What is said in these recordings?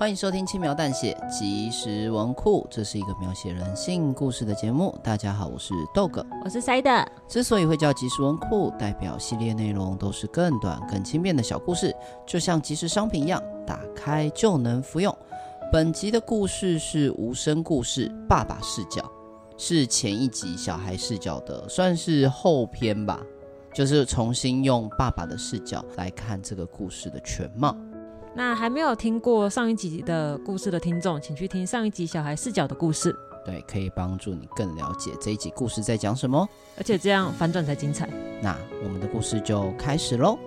歡迎收聽《輕描淡寫即時文庫》，這是一個描寫人性故事的節目。大家好，我是豆哥，我是塞德。之所以會叫“即時文庫”，代表系列內容都是更短、更輕便的小故事，就像即時商品一樣，打開就能服用。本集的故事是無聲故事，爸爸視角是前一集小孩視角的，算是後篇吧，就是重新用爸爸的視角來看這個故事的全貌。那還沒有聽過上一集的故事的聽眾，請去聽上一集小孩視角的故事。對，可以幫助你更了解這一集故事在講什麼，而且這樣反轉才精彩。那我們的故事就開始嘍。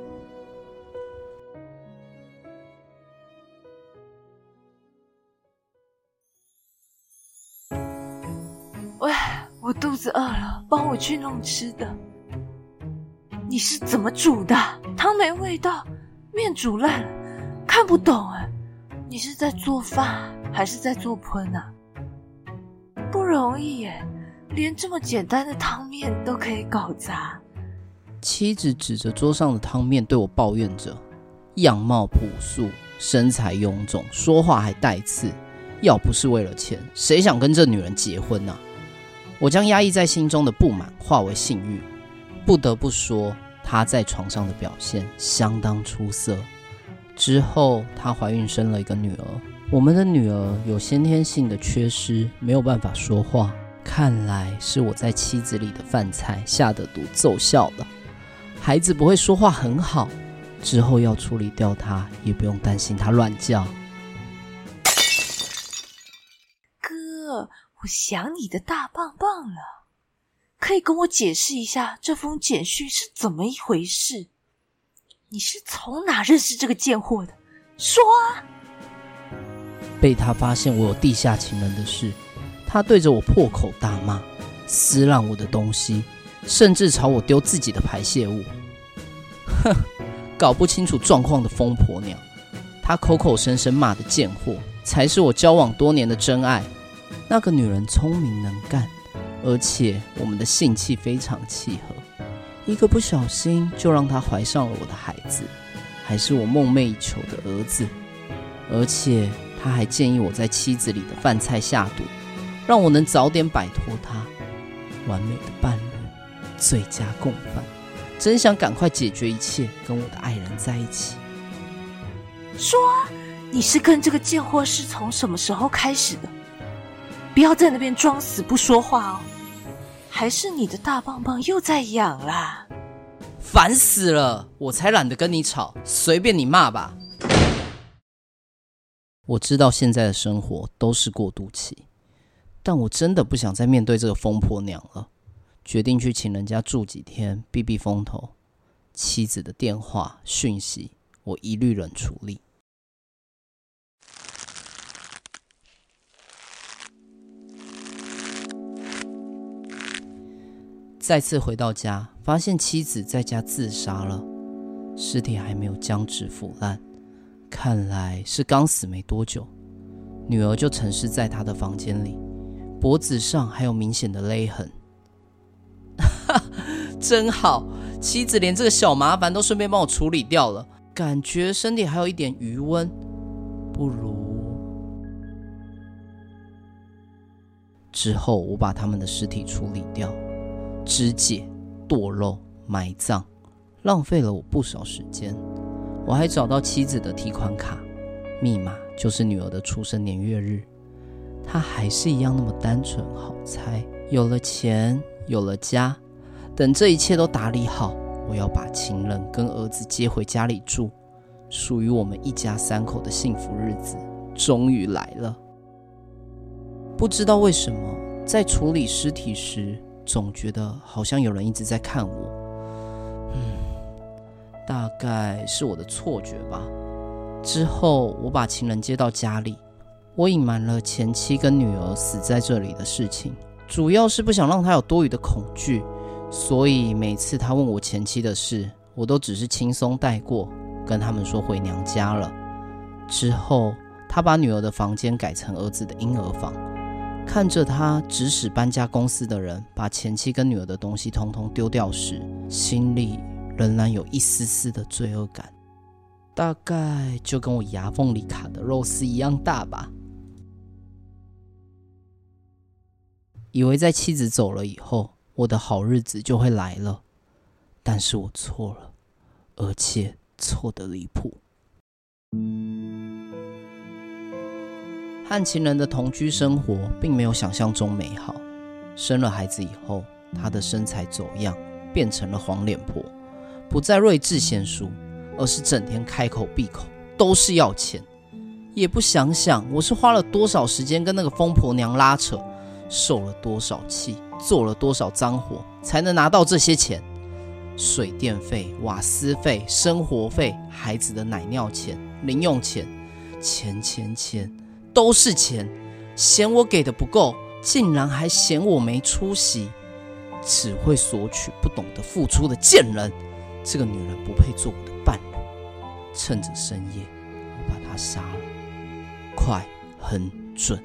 喂，我肚子餓了，幫我去弄吃的。你是怎麼煮的？湯沒味道，麵煮爛了。看不懂哎、啊，你是在做飯還是在做噴呢、啊？不容易耶，連這麼簡單的湯麵都可以搞砸。妻子指着桌上的湯麵對我抱怨着：“樣貌樸素，身材臃腫，說話還帶刺。要不是為了錢，誰想跟這女人結婚啊？”我將壓抑在心中的不滿化為性慾，不得不說她在床上的表現相當出色。之後，她懷孕生了一個女兒。我們的女兒有先天性的缺失，沒有辦法說話。看來是我在妻子裡的飯菜下的毒奏效了。孩子不會說話很好，之後要處理掉他，也不用擔心他亂叫。哥，我想你的大棒棒了。可以跟我解釋一下這封簡訊是怎麼一回事？你是從哪認識這個賤貨的？說啊！被他發現我有地下情人的事，他對着我破口大罵，撕爛我的東西，甚至朝我丟自己的排泄物。哼，搞不清楚狀況的瘋婆娘，他口口聲聲罵的賤貨才是我交往多年的真愛。那個女人聰明能幹，而且我們的性氣非常契合。一個不小心就讓他懷上了我的孩子，還是我夢寐以求的兒子，而且他還建議我在妻子裡的飯菜下毒，讓我能早點擺脫他。完美的伴侶，最佳共犯，真想趕快解決一切，跟我的愛人在一起。說，你是跟這個賤貨是從什麼時候開始的？不要在那邊裝死不說話哦。還是你的大棒棒又在癢啦，煩死了！我才懶得跟你吵，隨便你罵吧。我知道現在的生活都是過渡期，但我真的不想再面對這個瘋婆娘了，決定去請人家住幾天避避風頭。妻子的電話訊息，我一律冷處理。再次回到家，發現妻子在家自殺了，屍體還沒有僵直腐爛，看來是剛死沒多久。女兒就陳屍在他的房間裡，脖子上還有明顯的勒痕。 真好，妻子連這個小麻煩都順便幫我處理掉了。感覺身體還有一點餘溫，不如之後我把他們的屍體處理掉。肢解、剁肉、埋葬，浪費了我不少時間。我還找到妻子的提款卡，密碼就是女兒的出生年月日。她還是一樣那麼單純好猜。有了錢，有了家，等這一切都打理好，我要把情人跟兒子接回家裡住，屬於我們一家三口的幸福日子終於來了。不知道為什麼，在處理屍體時。總覺得好像有人一直在看我，嗯，大概是我的錯覺吧。之後我把情人接到家裡，我隱瞞了前妻跟女兒死在這裡的事情，主要是不想讓她有多餘的恐懼，所以每次她問我前妻的事，我都只是輕鬆帶過，跟他們說回娘家了。之後他把女兒的房間改成兒子的嬰兒房。看着他指使搬家公司的人把前妻跟女兒的東西通通丟掉時，心裡仍然有一絲絲的罪惡感，大概就跟我牙縫裡卡的肉絲一樣大吧？以為在妻子走了以後，我的好日子就會來了，但是我錯了，而且錯得離譜。案情人的同居生活並沒有想象中美好。生了孩子以後，她的身材走樣，變成了黃臉婆，不再睿智賢淑，而是整天開口閉口都是要錢，也不想想我是花了多少時間跟那個瘋婆娘拉扯，受了多少氣，做了多少髒活才能拿到這些錢。水電費、瓦斯費、生活費、孩子的奶尿錢、零用錢，錢錢錢。都是錢，嫌我給的不夠，竟然還嫌我沒出息，只會索取不懂得付出的賤人。這個女人不配做我的伴侶。趁着深夜，我把她殺了，快，很準，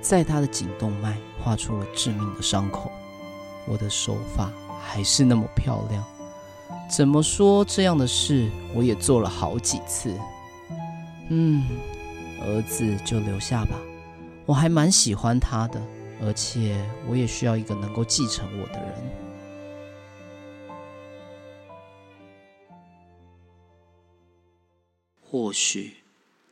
在她的頸動脈畫出了致命的傷口。我的手法還是那麼漂亮，怎麼說這樣的事我也做了好幾次。嗯。兒子就留下吧，我還蠻喜歡他的，而且我也需要一個能夠繼承我的人。或許，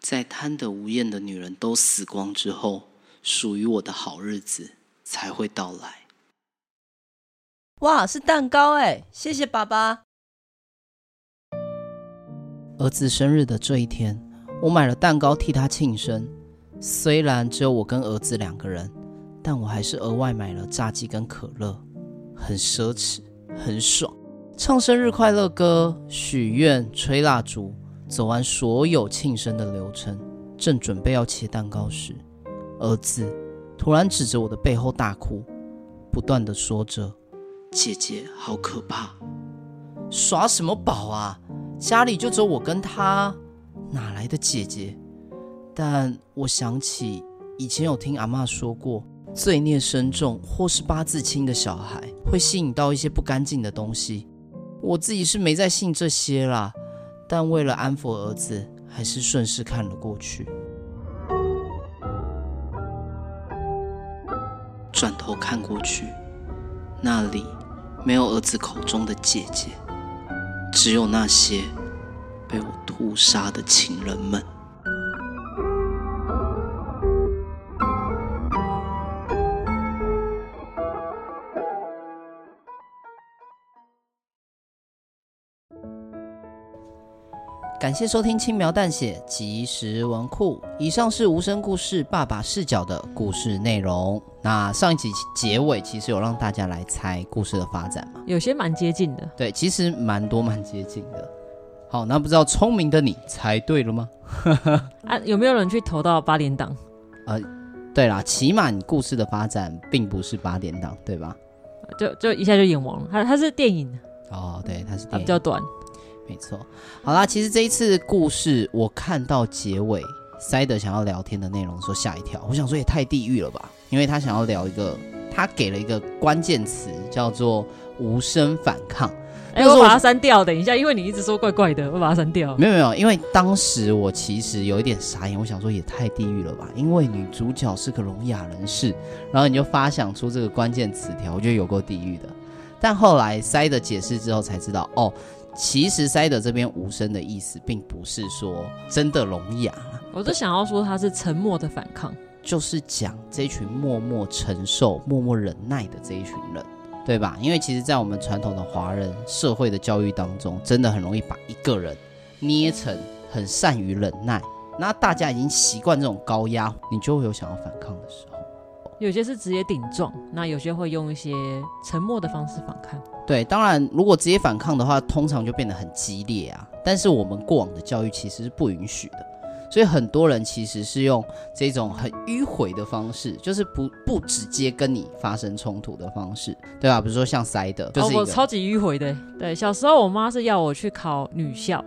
在貪得無厭的女人都死光之後，屬於我的好日子才會到來。哇，是蛋糕哎！謝謝爸爸。兒子生日的這一天。我買了蛋糕替他慶生，雖然只有我跟兒子兩個人，但我還是額外買了炸雞跟可樂，很奢侈，很爽。唱生日快樂歌，許願，吹蠟燭，走完所有慶生的流程。正準備要切蛋糕時，兒子突然指着我的背後大哭，不斷地說着：“姐姐好可怕，耍什麼寶啊？家裡就只有我跟他。”哪來的姐姐？但我想起以前有聽阿媽說過，罪孽深重或是八字輕的小孩會吸引到一些不乾淨的東西。我自己是沒在信這些啦，但為了安撫兒子，還是順勢看了過去。轉頭看過去，那裡沒有兒子口中的姐姐，只有那些。被我屠殺的情人們。感謝收聽輕描淡血即食文庫。以上是無聲故事爸爸視角的故事內容。那上一集結尾其實有讓大家來猜故事的發展嘛？有些蠻接近的。對，其實蠻多蠻接近的。好、哦，那不知道聰明的你猜對了嗎？ 啊，有沒有人去投到八點檔？呃，對啦，起碼你故事的發展並不是八點檔，對吧？就就一下就演完了，它，它是電影哦，對，它是電影，啊，比較短，沒錯。好啦。其實這一次故事我看到結尾，塞德想要聊天的內容，說嚇一跳，我想說也太地獄了吧？因為他想要聊一個，他給了一個關鍵詞叫做無聲反抗。哎，我把它刪掉，等一下，因為你一直說怪怪的，我把它刪掉。沒有沒有，因為當時我其實有一點傻眼，我想說也太地獄了吧？因為女主角是個聾啞人士，然後你就發想出這個關鍵詞條，我覺得有夠地獄的。但後來塞德解釋之後才知道，哦，其實塞德這邊無聲的意思，並不是說真的聾啞。我就想要說他是沉默的反抗，就是講這群默默承受、默默忍耐的這一群人。對吧？因為其實，在我們傳統的華人社會的教育當中，真的很容易把一個人捏成很善於忍耐。那大家已經習慣這種高壓，你就會有想要反抗的時候。有些是直接頂撞，那有些會用一些沉默的方式反抗。對，當然，如果直接反抗的話，通常就變得很激烈啊。但是我們過往的教育其實是不允許的。所以很多人其實是用這種很迂回的方式，就是不不直接跟你發生衝突的方式，對吧？比如說像塞德，就是、哦、我超級迂回的。對，小時候我媽是要我去考女校，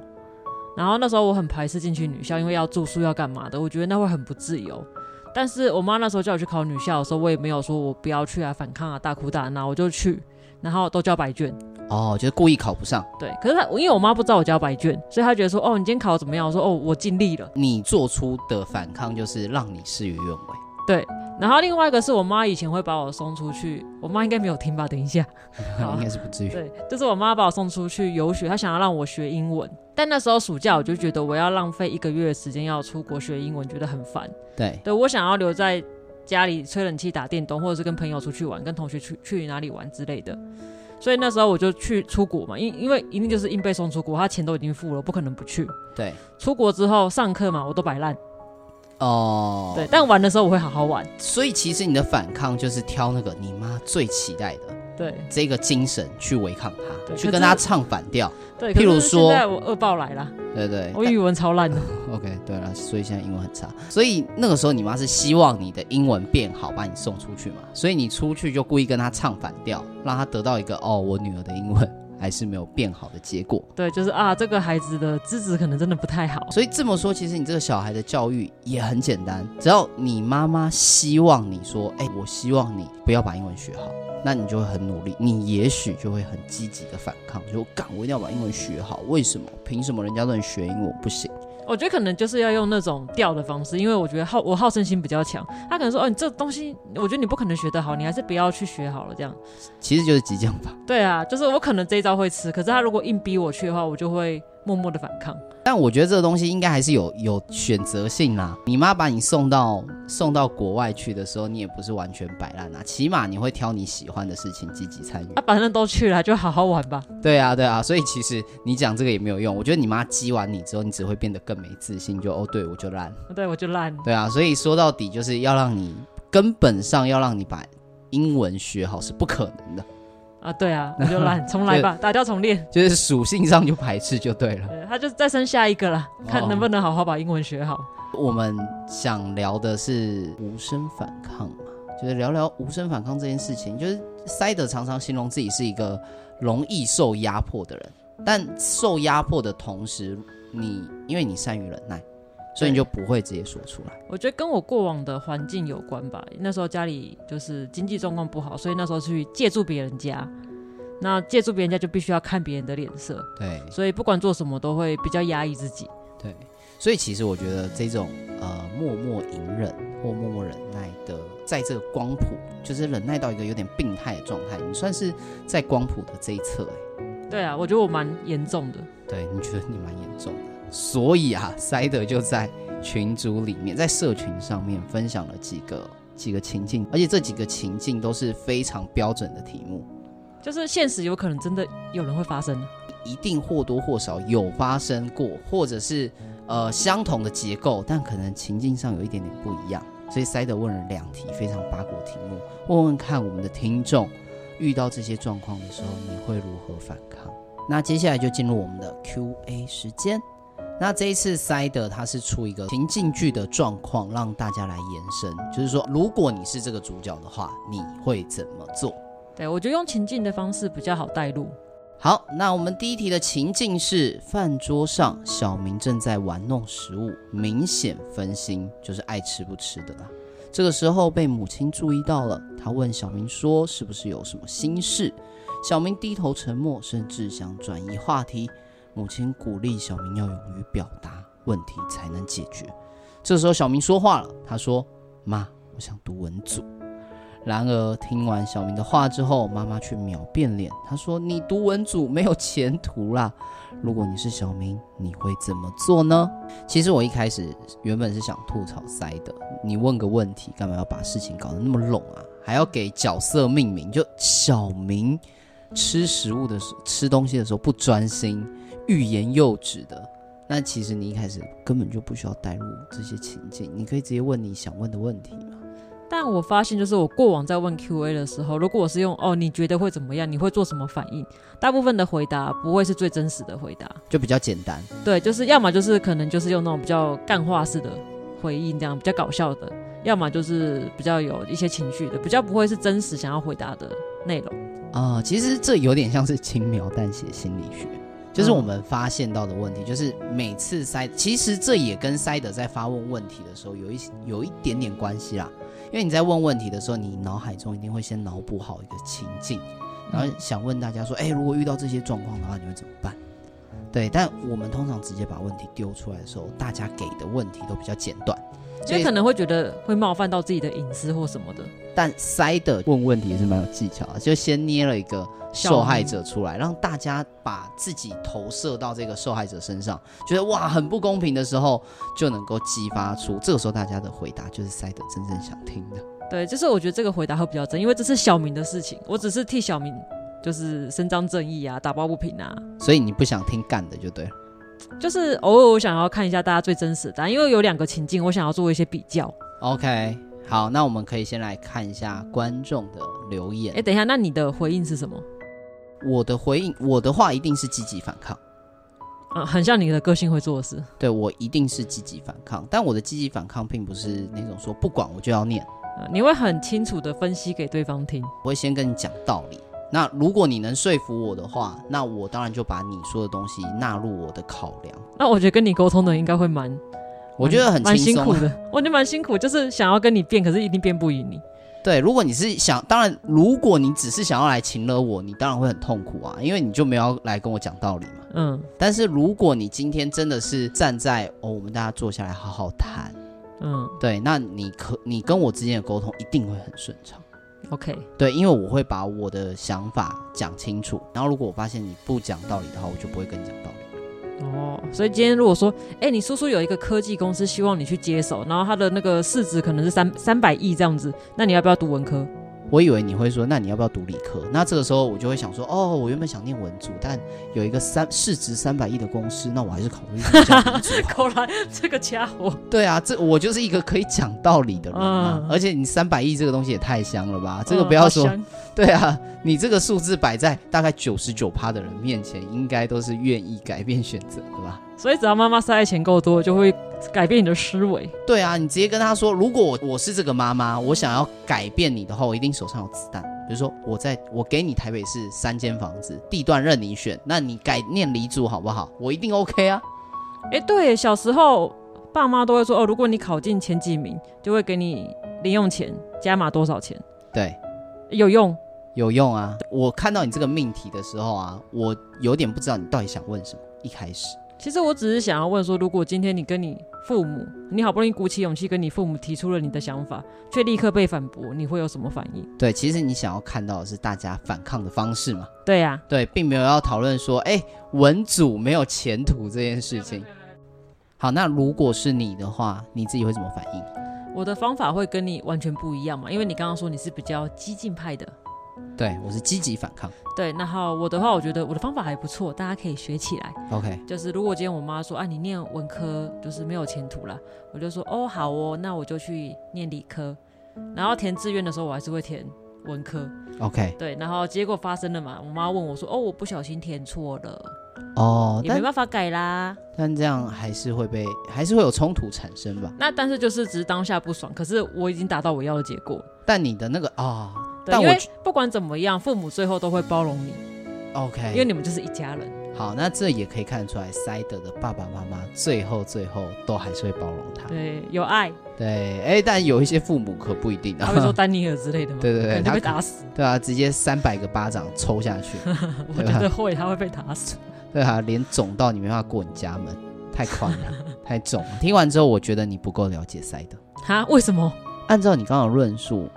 然後那時候我很排斥進去女校，因為要住宿要幹嘛的，我覺得那會很不自由。但是我媽那時候叫我去考女校的時候，我也沒有說我不要去啊、反抗啊、大哭大鬧，我就去。然後都交白卷，哦，就是故意考不上。對，可是他，因為我媽不知道我交白卷，所以她覺得說，哦，你今天考的怎麼樣？我說，哦，我盡力了。你做出的反抗就是讓你事與願違。對，然後另外一個是我媽以前會把我送出去，我媽應該沒有聽吧？等一下， 應該是不至於。對，就是我媽把我送出去遊學，她想要讓我學英文，但那時候暑假我就覺得我要浪費一個月的時間要出國學英文，覺得很煩。對，對我想要留在。家裡吹冷氣、打電動，或者是跟朋友出去玩、跟同學去去哪裡玩之類的，所以那時候我就去出國嘛，因因為一定就是硬被送出國，他錢都已經付了，不可能不去。對，出國之後上課嘛，我都擺爛。哦、oh.，對，但玩的時候我會好好玩。所以其實你的反抗就是挑那個你媽最期待的。對這個精神去違抗他，對，去跟他唱反調。對，譬如說對現在我惡報來了。對對，我語文超爛的、啊。OK，對了，所以現在英文很差。所以那個時候你媽是希望你的英文變好，把你送出去嘛。所以你出去就故意跟他唱反調，讓他得到一個哦，我女兒的英文還是沒有變好的結果。對，就是啊，這個孩子的資質可能真的不太好。所以這麼說，其實你這個小孩的教育也很簡單，只要你媽媽希望你說，哎，我希望你不要把英文學好，那你就會很努力，你也許就會很積極的反抗，就敢，我一定要把英文學好。為什麼？憑什麼人家都能學英文，我不行？我覺得可能就是要用那種調的方式，因為我覺得我好，我好勝心比較強。他可能說，哦，你這東西，我覺得你不可能學得好，你還是不要去學好了，這樣。其實就是激將法。對啊，就是我可能這一招會吃，可是他如果硬逼我去的話，我就會默默的反抗。但我覺得這個東西應該還是有有選擇性啦。你媽把你送到送到國外去的時候，你也不是完全擺爛啦，起碼你會挑你喜歡的事情積極參與。啊，反正都去了，就好好玩吧。對啊，對啊。所以其實你講這個也沒有用。我覺得你媽激完你之後，你只會變得更沒自信。就哦，對我就爛，對我就爛。對啊，所以說到底就是要讓你根本上要讓你把英文學好是不可能的。啊，對啊，那就爛，重來吧、 就是，打掉重練。就是屬性上就排斥就對了。對，他就再生下一個了，看能不能好好把英文學好。Oh. 我們想聊的是無聲反抗嘛，就是聊聊無聲反抗這件事情。就是塞德常常形容自己是一個容易受壓迫的人，但受壓迫的同時，你因為你善於忍耐。所以你就不會直接說出來？我覺得跟我過往的環境有關吧。那時候家裡就是經濟狀況不好，所以那時候去借住別人家，那借住別人家就必須要看別人的臉色。對，所以不管做什麼都會比較壓抑自己。對，所以其實我覺得這種呃默默隱忍或默默忍耐的，在這個光譜，就是忍耐到一個有點病態的狀態，你算是在光譜的這一側欸。對啊，我覺得我蠻嚴重的。對，你覺得你蠻嚴重所以啊，Cider 就在群組裡面，在社群上面分享了幾個幾個情境，而且這幾個情境都是非常標準的題目，就是現實有可能真的有人會發生，一定或多或少有發生過，或者是呃相同的結構，但可能情境上有一點點不一樣。所以 Cider 問了兩題非常八卦題目，問問看我們的聽眾遇到這些狀況的時候，你會如何反抗？那接下來就進入我們的 Q&A 時間。那這一次，Cider 它是出一個情境劇的狀況，讓大家來延伸，就是說，如果你是這個主角的話，你會怎麼做？對，我覺得用情境的方式比較好帶入。好，那我們第一題的情境是：飯桌上，小明正在玩弄食物，明顯分心，就是愛吃不吃的啦。這個時候被母親注意到了，她問小明說：“是不是有什麼心事？”小明低頭沉默，甚至想轉移話題。母親鼓勵小明要勇於表達，問題才能解決。這時候小明說話了，他說：“媽，我想讀文組。”然而聽完小明的話之後，媽媽卻秒變臉，她說：“你讀文組沒有前途啦！如果你是小明，你會怎麼做呢？”其實我一開始原本是想吐槽塞的，你問個問題，幹嘛要把事情搞得那麼籠啊？還要給角色命名，就小明吃食物的時候吃東西的時候不專心。欲言又止的，那其實你一開始根本就不需要帶入這些情境，你可以直接問你想問的問題嘛。但我發現，就是我過往在問 Q&A 的時候，如果我是用“哦，你覺得會怎麼樣？你會做什麼反應？”大部分的回答不會是最真實的回答，就比較簡單。對，就是要麼就是可能就是用那種比較乾話式的回應，這樣比較搞笑的；要麼就是比較有一些情緒的，比較不會是真實想要回答的內容。啊、哦，其實這有點像是輕描淡寫心理學。就是我們發現到的問題，嗯、就是每次 Cider，其實這也跟 Cider 在發問問題的時候有一有一點點關係啦。因為你在問問題的時候，你腦海中一定會先腦補好一個情境，然後想問大家說：誒、嗯欸，如果遇到這些狀況的話，你會怎麼辦？對，但我們通常直接把問題丟出來的時候，大家給的問題都比較簡短。所以可能會覺得會冒犯到自己的隱私或什麼的，但塞德問問題也是蠻有技巧的，就先捏了一個受害者出來，讓大家把自己投射到這個受害者身上，覺得哇很不公平的時候，就能夠激發出這個時候大家的回答就是塞德真正想聽的。對，就是我覺得這個回答會比較真，因為這是小明的事情，我只是替小明就是伸張正義啊，打抱不平啊。所以你不想聽乾的就對了。就是偶爾我想要看一下大家最真實的答案、啊，因為有兩個情境，我想要做一些比較。OK，好，那我們可以先來看一下觀眾的留言。哎、欸，等一下，那你的回應是什麼？我的回應，我的話一定是積極反抗。嗯、啊，很像你的個性會做的事。對，我一定是積極反抗，但我的積極反抗並不是那種說不管我就要念、啊。你會很清楚的分析給對方聽，我會先跟你講道理。那如果你能說服我的話，那我當然就把你說的東西納入我的考量。那我覺得跟你溝通的人應該會蠻，我覺得很蠻辛苦的。我覺得蠻辛苦，就是想要跟你辯，可是一定辯不贏你。對，如果你是想，當然如果你只是想要來情勒我，你當然會很痛苦啊，因為你就沒有來跟我講道理嘛。嗯。但是如果你今天真的是站在哦，我們大家坐下來好好談，嗯，對，那你可你跟我之間的溝通一定會很順暢。OK，對，因為我會把我的想法講清楚，然後如果我發現你不講道理的話，我就不會跟你講道理。哦，所以今天如果說，哎，你叔叔有一個科技公司，希望你去接手，然後他的那個市值可能是三三百億這樣子，那你要不要讀文科？我以為你會說，那你要不要讀理科？那這個時候我就會想說，哦，我原本想念文組，但有一個三市值三百億的公司，那我還是考慮一下。果 然，這個家伙。對啊，這我就是一個可以講道理的人嘛。嗯、而且你三百億這個東西也太香了吧，這個不要說。嗯、對啊，你這個數字擺在大概九十九趴的人面前，應該都是願意改變選擇，對吧？所以，只要媽媽塞的錢夠多，就會改變你的思維。對啊，你直接跟他說，如果我我是這個媽媽，我想要改變你的話，我一定手上有子彈。比如說，我在我給你台北市三間房子，地段任你選，那你改念理組好不好？我一定 OK 啊。哎、欸，對，小時候爸媽都會說，哦，如果你考進前幾名，就會給你零用錢加碼多少錢。對，有用，有用啊。我看到你這個命題的時候啊，我有點不知道你到底想問什麼。一開始。其實我只是想要問說，如果今天你跟你父母，你好不容易鼓起勇氣跟你父母提出了你的想法，卻立刻被反駁，你會有什麼反應？對，其實你想要看到的是大家反抗的方式嘛？對呀、啊，對，並沒有要討論說，哎，文組沒有前途這件事情對啊對啊對啊。好，那如果是你的話，你自己會怎麼反應？我的方法會跟你完全不一樣嘛？因為你剛剛說你是比較激進派的，對，我是積極反抗。對，然後我的話，我覺得我的方法還不錯，大家可以學起來。OK，就是如果今天我媽說啊，你念文科就是沒有前途了，我就說，哦，好哦，那我就去念理科。然後填志願的時候，我還是會填文科，就是。OK，對，然後結果發生了嘛？我媽問我說哦，我不小心填錯了。哦，你沒辦法改啦但。但這樣還是會被，還是會有衝突產生吧？那但是就是只是當下不爽，可是我已經達到我要的結果。但你的那個啊。哦因為不管怎麼樣，父母最後都會包容你。OK，因為你們就是一家人。好，那這也可以看得出來，賽德的爸爸媽媽最後最後都還是會包容他。對，有愛。對，哎、欸，但有一些父母可不一定。他會說丹尼爾之類的嗎？ 對對對，他會打死。對啊，直接三百個巴掌抽下去。 我覺得會，他會被打死。對，對啊，臉腫到你沒辦法過你家門，太寬了，太腫。聽完之後，我覺得你不夠了解賽德。哈？為什麼？按照你剛剛的論述。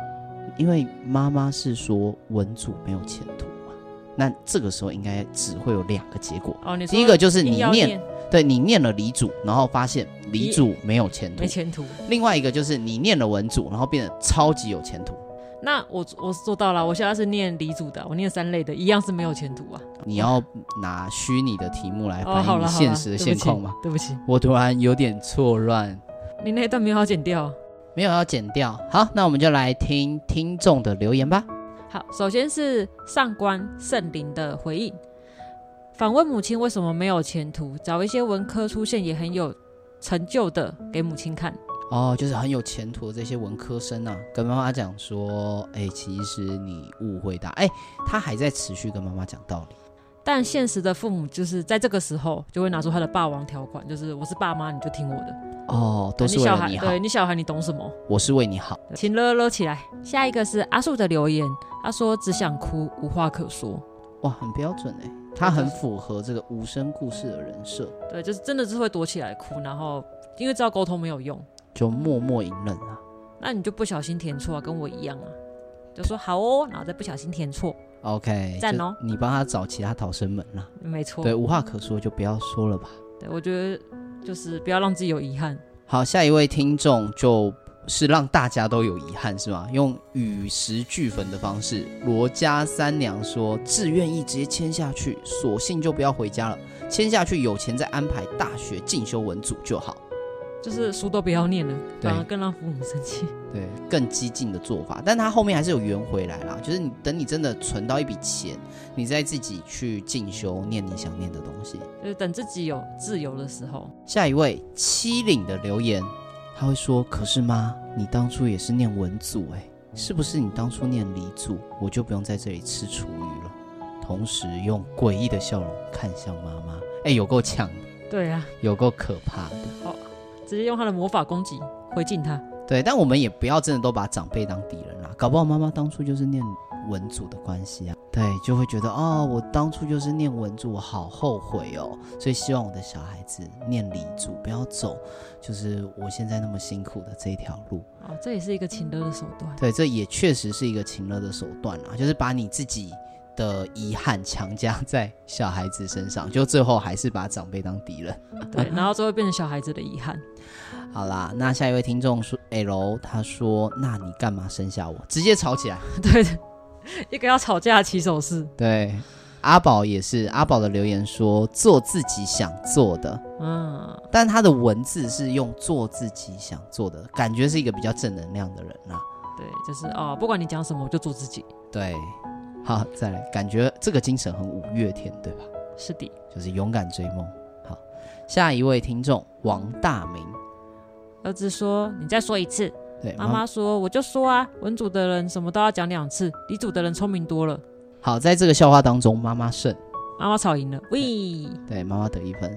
因為媽媽是說文組沒有前途嘛，那這個時候應該只會有兩個結果。哦、第一個就是你念，你要念對，你念了理組，然後發現理組沒有前途，沒前途。另外一個就是你念了文組，然後變得超級有前途。那我我做到了，我現在是念理組的，我念三類的，一樣是沒有前途啊。你要拿虛擬的題目來反映、哦、現實的現實、現況嗎？對不起，我突然有點錯亂。你那一段沒有剪掉。沒有要剪掉，好，那我們就來聽聽眾的留言吧。好，首先是上官聖靈的回應，訪問母親為什麼沒有前途，找一些文科出現也很有成就的給母親看。哦，就是很有前途的這些文科生啊，跟媽媽講說，哎、欸，其實你誤會他，哎、欸，他還在持續跟媽媽講道理。但現實的父母就是在這個時候就會拿出他的霸王條款，就是我是爸媽，你就聽我的哦，都是為了你好對、啊、你小孩，你，你，小孩你懂什麼？我是為你好，請樂樂起來。下一個是阿樹的留言，他說只想哭，無話可說。哇，很標準哎、欸，他很符合這個無聲故事的人設。對，就是真的是會躲起來哭，然後因為知道溝通沒有用，就默默隱忍啊。那你就不小心填錯、啊，跟我一樣啊，就說好哦，然後再不小心填錯。OK，贊哦！你幫他找其他逃生門了，沒錯。對，無話可說就不要說了吧。對，我覺得就是不要讓自己有遺憾。好，下一位聽眾就是讓大家都有遺憾，是嗎？用玉石俱焚的方式，羅家三娘說，志願意直接簽下去，索性就不要回家了，簽下去有錢再安排大學進修文組就好。就是書都不要念了，對，讓更讓父母生氣。對，更激進的做法，但他後面還是有圓回來啦，就是你等你真的存到一筆錢，你再自己去進修念你想念的東西，就是等自己有自由的時候。下一位七嶺的留言，他會說：“可是媽，你當初也是念文組哎、欸，是不是你當初念理組，我就不用在這裡吃廚餘了？”同時用詭異的笑容看向媽媽，哎、欸，有夠嗆，對啊，有夠可怕的。哦。直接用他的魔法攻擊回敬他。對，但我們也不要真的都把長輩當敵人啦、啊。搞不好媽媽當初就是念文主的關係啊。對，就會覺得哦，我當初就是念文組，我好後悔哦。所以希望我的小孩子念理組，不要走，就是我現在那麼辛苦的這一條路。哦、啊，這也是一個情勒的手段。對，這也確實是一個情勒的手段啊，就是把你自己。的遺憾強加在小孩子身上，就最後還是把長輩當敵人。對，然後最後變成小孩子的遺憾。 好啦，那下一位聽眾說：“哎呦，他說，那你幹嘛生下我？”直接吵起來。對，對，一個要吵架的起手式。對，阿寶也是。阿寶的留言說：“做自己想做的。”嗯，但他的文字是用“做自己想做的”，感覺是一個比較正能量的人吶啊。對，就是哦，不管你講什麼，我就做自己。對。好，再來，感覺這個精神很五月天，對吧？是的，就是勇敢追夢。好，下一位聽眾王大明，兒子說：“你再說一次。”對，媽媽說媽媽：“我就說啊，文組的人什麼都要講兩次，理組的人聰明多了。”好，在這個笑話當中，媽媽勝，媽媽吵贏了。喂，對，媽媽得一分。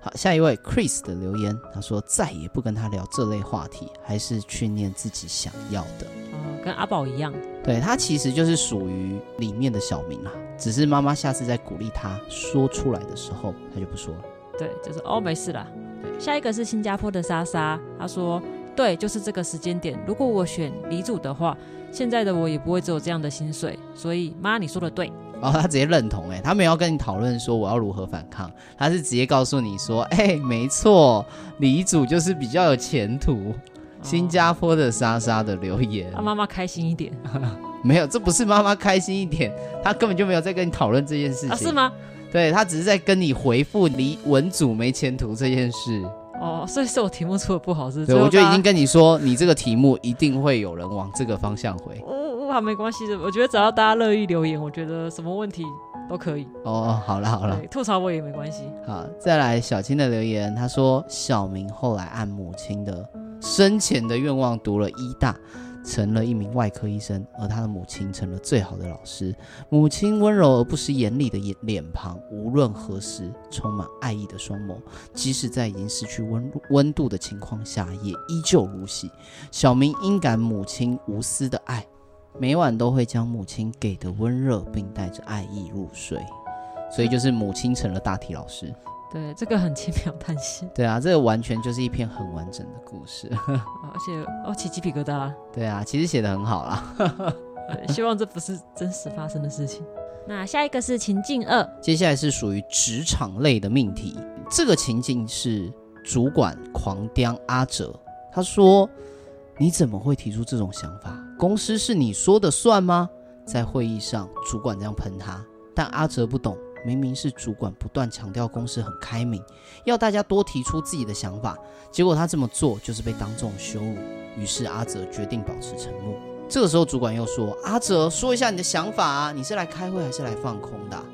好，下一位 Chris 的留言，他說：“再也不跟他聊這類話題，還是去念自己想要的。”跟阿寶一樣，對，對，他其實就是屬於裡面的小明啊。只是媽媽下次再鼓勵他說出來的時候，他就不說了。對，就是哦，沒事啦。下一個是新加坡的莎莎，他說，對，就是這個時間點。如果我選理組的話，現在的我也不會只有這樣的薪水。所以媽，你說的對。哦，他直接認同，哎，他沒有跟你討論說我要如何反抗，他是直接告訴你說，哎、欸，沒錯，理組就是比較有前途。新加坡的莎莎的留言，讓、啊、媽媽開心一點。 沒有，這不是媽媽開心一點，她根本就沒有在跟你討論這件事情，情、啊。是嗎？對，她只是在跟你回復你文組沒前途這件事。哦，所以是我題目出的不好是，是。對，我就已經跟你說，你這個題目一定會有人往這個方向回。哦、啊，好沒關係，我覺得只要大家樂意留言，我覺得什麼問題都可以。哦，好了好了，吐槽我也沒關係。好，再來小青的留言，她說小明後來按母親的。生前的願望，讀了醫大，成了一名外科醫生，而他的母親成了最好的老師。母親溫柔而不失嚴厲的臉龐，無論何時，充滿愛意的雙眸，即使在已經失去溫溫度的情況下，也依舊如昔。小明因感母親無私的愛，每晚都會將母親給的溫熱，並帶着愛意入睡。所以，就是母親成了大體老師。對，這個很輕描淡寫。對啊，這個完全就是一篇很完整的故事，而且哦，起雞皮疙瘩啦。對啊，其實寫的很好啦 希望這不是真實發生的事情。 那下一個是情境二，接下來是屬於職場類的命題。這個情境是主管狂釘阿哲，他說：“你怎麼會提出這種想法？公司是你說的算嗎？”在會議上，主管這樣噴他，但阿哲不懂。明明是主管不斷強調公司很開明，要大家多提出自己的想法，結果他這麼做就是被當眾羞辱。於是阿哲決定保持沉默。這個時候，主管又說：“阿哲，說一下你的想法啊，你是來開會還是來放空的啊？”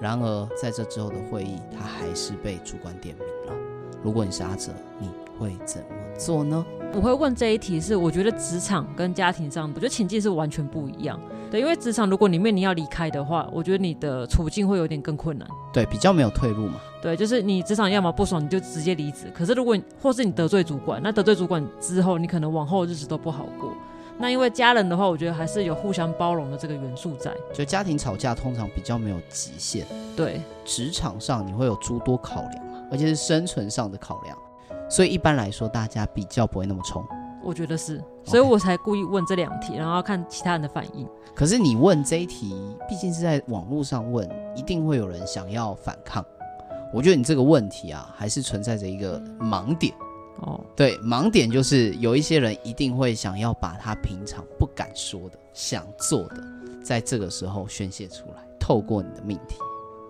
然而，在這之後的會議，他還是被主管點名了。如果你是阿哲，你會怎麼做呢？我會問這一題是，我覺得職場跟家庭上，我覺得情境是完全不一樣。對，因為職場如果你面臨要離開的話，我覺得你的處境會有點更困難。對，比較沒有退路嘛。對，就是你職場要麼不爽你就直接離職，可是如果或是你得罪主管，那得罪主管之後，你可能往後日子都不好過。那因為家人的話，我覺得還是有互相包容的這個元素在。就家庭吵架通常比較沒有極限。對，職場上你會有諸多考量嘛，而且是生存上的考量，所以一般來說大家比較不會那麼衝。我覺得是，所以我才故意問這兩題，Okay，然後看其他人的反應。可是你問這一題，畢竟是在網絡上問，一定會有人想要反抗。我覺得你這個問題啊，還是存在着一個盲點。哦，對，盲點就是有一些人一定會想要把他平常不敢說的、想做的，在這個時候宣洩出來，透過你的命題。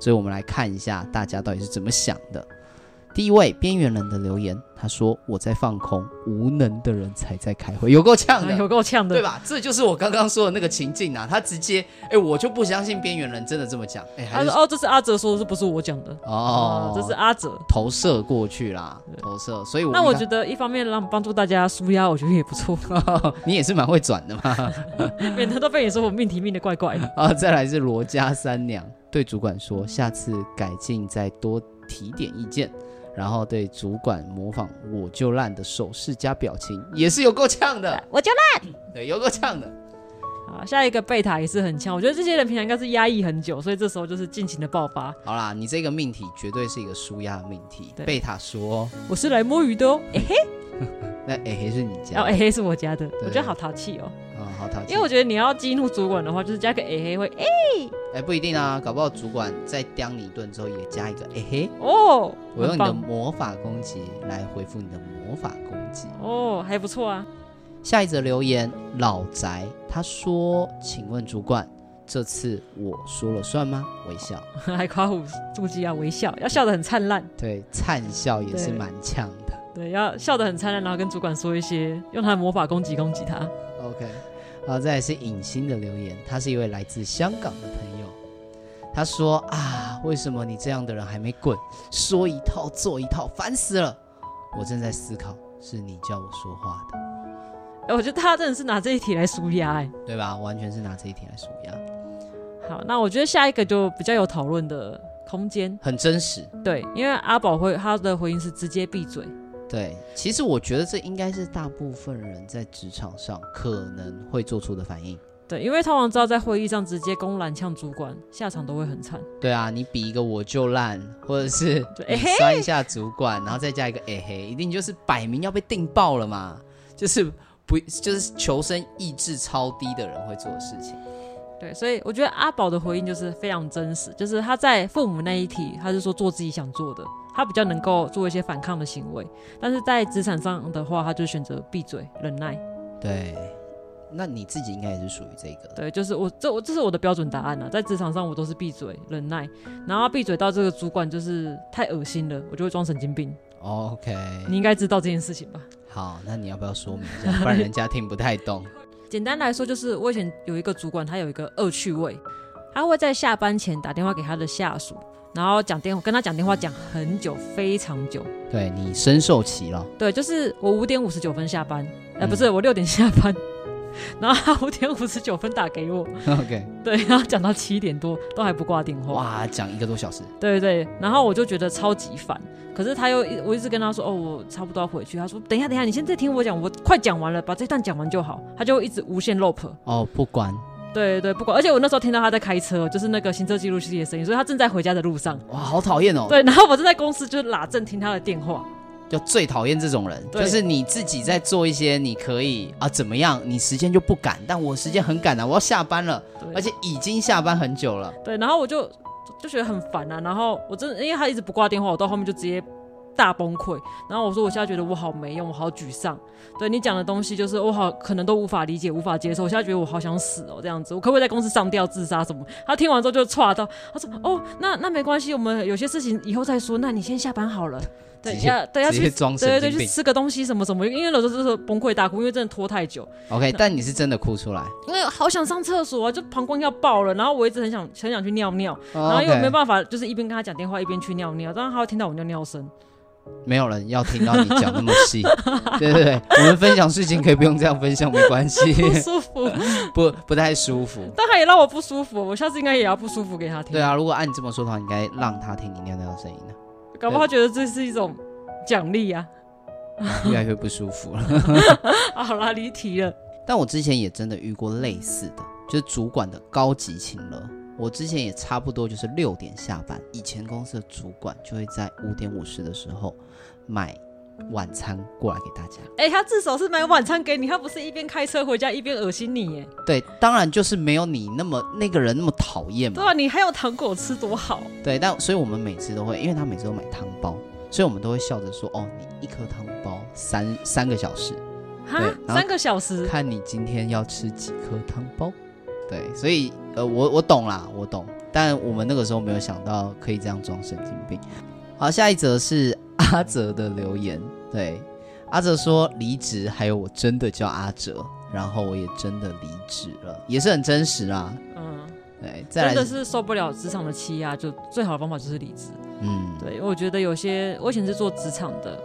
所以我們來看一下大家到底是怎麼想的。第一位邊緣人的留言，他說：“我在放空，無能的人才在開會，有夠嗆的，啊、有夠嗆的，對吧？”這就是我剛剛說的那個情境吶、啊。他直接、欸，我就不相信邊緣人真的這麼講。他、欸、說、啊：“哦，這是阿哲說的，這不是我講的哦、呃，這是阿哲投射過去啦，投射。”所以我那我覺得一方面讓幫助大家舒壓，我覺得也不錯。 你也是蠻會轉的嘛，免 得都被你說我命題命的怪怪的。啊，再來是羅家三娘對主管說：“下次改進再多提點意見。”然後對主管模仿我就爛的手勢加表情，也是有夠嗆的。我就爛，對，有夠嗆的。好，下一個貝塔也是很嗆。我覺得這些人平常應該是壓抑很久，所以這時候就是盡情的爆發。好啦，你這個命題絕對是一個舒壓的命題。貝塔說、哦：“我是來摸魚的哦，哎嘿。 ”那哎嘿是你家？哦，哎嘿是我家的。我覺得好淘氣哦。因為我覺得你要激怒主管的話，就是加個哎、欸、嘿會哎、欸、哎、欸，不一定啊，搞不好主管再釘你一頓之後也加一個哎、欸、嘿哦。我用你的魔法攻擊來回復你的魔法攻擊哦，還不錯啊。下一則留言，老宅他說：“請問主管，這次我說了算嗎？”微笑，來誇唬住基啊，微笑要笑得很燦爛，對，燦笑也是蠻嗆的對，對，要笑得很燦爛，然後跟主管說一些用他的魔法攻擊攻擊他。OK。好，再來是影星的留言。他是一位來自香港的朋友，他說：“啊，為什麼你這樣的人還沒滾？說一套做一套，煩死了！我正在思考，是你叫我說話的。”哎，我覺得他真的是拿這一題來紓壓，哎，對吧？完全是拿這一題來紓壓。好，那我覺得下一個就比較有討論的空間，很真實。對，因為阿寶會他的回應是直接閉嘴。對，其實我覺得這應該是大部分人在職場上可能會做出的反應。對，因為他王知道在會議上直接公然嗆主管，下場都會很慘。對啊，你比一個我就爛，或者是摔一下主管、欸，然後再加一個哎、欸、嘿，一定就是擺明要被定爆了嘛。就是不就是求生意志超低的人會做的事情。對，所以我覺得阿寶的回應就是非常真實，就是他在父母那一題，他就說做自己想做的。他比較能夠做一些反抗的行為，但是在職場上的話，他就選擇閉嘴忍耐。對，那你自己應該也是屬於這個。對，就是我這我這是我的標準答案啊，在職場上我都是閉嘴忍耐，然後閉嘴到這個主管就是太噁心了，我就會裝神經病。Oh, OK，你應該知道這件事情吧？好，那你要不要說明一下，不然人家聽不太懂。 簡單來說，就是我以前有一個主管，他有一個惡趣味，他會在下班前打電話給他的下屬。然後講電話，跟他講電話講很久，非常久。對，你深受其了。對，就是我五點五十九分下班，哎、呃嗯，不是我六點下班，然後他五點五十九分打給我。OK。對，然後講到七點多都還不掛電話。哇，講一個多小時。對對，然後我就覺得超級煩，可是他又一我一直跟他說，哦，我差不多要回去。他說，等一下，等一下，你現在聽我講，我快講完了，把這段講完就好。他就一直無限 loop。哦，不管。對對，不管，而且我那時候聽到他在開車，就是那個行車記錄器的聲音，所以他正在回家的路上。哇，好討厭哦。對，然後我正在公司就拿正聽他的電話，就最討厭這種人，對，就是你自己在做一些你可以啊怎麼樣，你時間就不趕，但我時間很趕啊，我要下班了。對，而且已經下班很久了。對，然後我就就覺得很煩啊，然後我真的因為他一直不掛電話，我到後面就直接。大崩潰，然後我說，我現在覺得我好沒用，我好沮喪。對你講的東西，就是我好可能都無法理解，無法接受。我現在覺得我好想死哦，這樣子，我可不可以，在公司上吊自殺什麼。他聽完之後就岔到，他說，哦，那那沒關係，我們有些事情以後再說。那你先下班好了，等一下等下去對對，對去吃個東西什麼什麼。因為老師這時候崩潰大哭，因為真的拖太久。OK，但你是真的哭出來，因、嗯、為好想上廁所啊，就膀胱要爆了。然後我一直很想很想去尿尿，然後又我沒辦法，Oh, okay. 就是一邊跟他講電話，一邊去尿尿，當然後他會聽到我尿尿聲。沒有人要聽到你講那麼細， 對對對， 我們分享事情可以不用這樣分享， 沒關係。舒服？ 不，不太舒服。但他也讓我不舒服，我下次應該也要不舒服給他聽。對啊，如果按你這麼說的話，應該讓他聽你那樣的聲音呢、啊？搞不好覺得這是一種獎勵呀、啊。 越來越不舒服了。 好啦，離題了。但我之前也真的遇過類似的，就是主管的高級情了。我之前也差不多，就是六點下班。以前公司的主管就會在五點五十的時候買晚餐過來給大家。哎、欸，他至少是買晚餐給你，他不是一邊開車回家一邊噁心你耶？對，當然就是沒有你那麼那個人那麼討厭嘛。對啊，你還有糖果吃多好。對，但所以我們每次都會，因為他每次都買湯包，所以我們都會笑着說：“哦，你一顆湯包三三個小時，對”哈，三個小時，看你今天要吃幾顆湯包。對，所以。呃，我我懂啦，我懂，但我們那個時候沒有想到可以這樣裝神經病。好，下一則是阿哲的留言，對，阿哲說離職，還有，我真的叫阿哲，然後我也真的離職了，也是很真實啊。嗯，對，再來，真的是受不了職場的欺壓，就最好的方法就是離職。嗯，對，我覺得有些，我以前是做職場的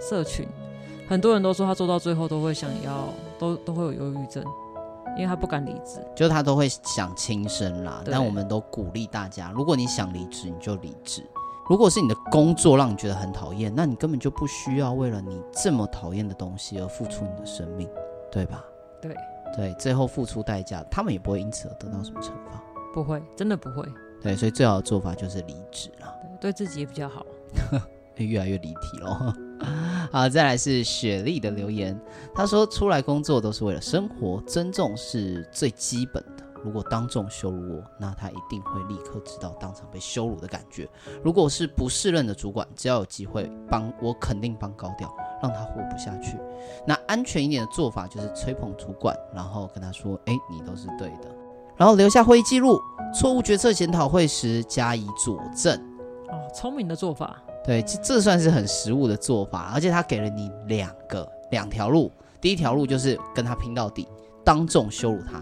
社群，很多人都說他做到最後都會想要，都都會有憂鬱症。因為他不敢離職，就他都會想輕生啦。但我們都鼓勵大家，如果你想離職，你就離職。如果是你的工作讓你覺得很討厭，那你根本就不需要為了你這麼討厭的東西而付出你的生命，對吧？對對，最後付出代價，他們也不會因此而得到什麼懲罰，不會，真的不會。對，所以最好的做法就是離職啦，對，對自己也比較好。 越來越離題了。好，再來是雪莉的留言。她說：“出來工作都是為了生活，尊重是最基本的。如果當眾羞辱我，那他一定會立刻知道當場被羞辱的感覺。如果是不適任的主管，只要有機會幫我，肯定幫高調，讓他活不下去。那安全一點的做法就是吹捧主管，然後跟他說：‘哎、欸，你都是對的。’然後留下會議記錄，錯誤決策檢討會時加以佐證。哦，聰明的做法。”對，這這算是很實務的做法，而且他給了你兩個兩條路，第一條路就是跟他拼到底，當眾羞辱他；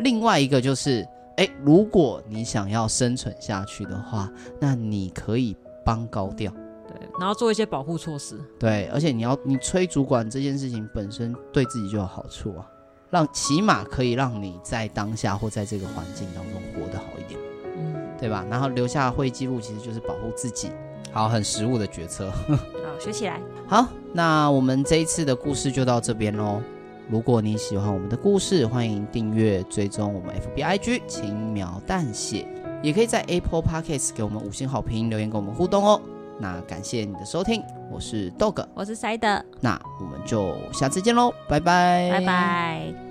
另外一個就是，誒，如果你想要生存下去的話，那你可以幫高調，對，然後做一些保護措施，對，而且你要你催主管這件事情本身對自己就有好處啊，讓起碼可以讓你在當下或在這個環境當中活得好一點，嗯，對吧？然後留下會議記錄其實就是保護自己。好，很實務的決策。 好，學起來。好，那我們這一次的故事就到這邊嘍。如果你喜歡我們的故事，歡迎訂閱追蹤我們 FBIG 輕描淡血，也可以在 Apple Podcasts 給我們五星好評，留言跟我們互動哦。那感謝你的收聽，我是 Dog，我是 Side，那我們就下次見嘍，拜拜，拜拜。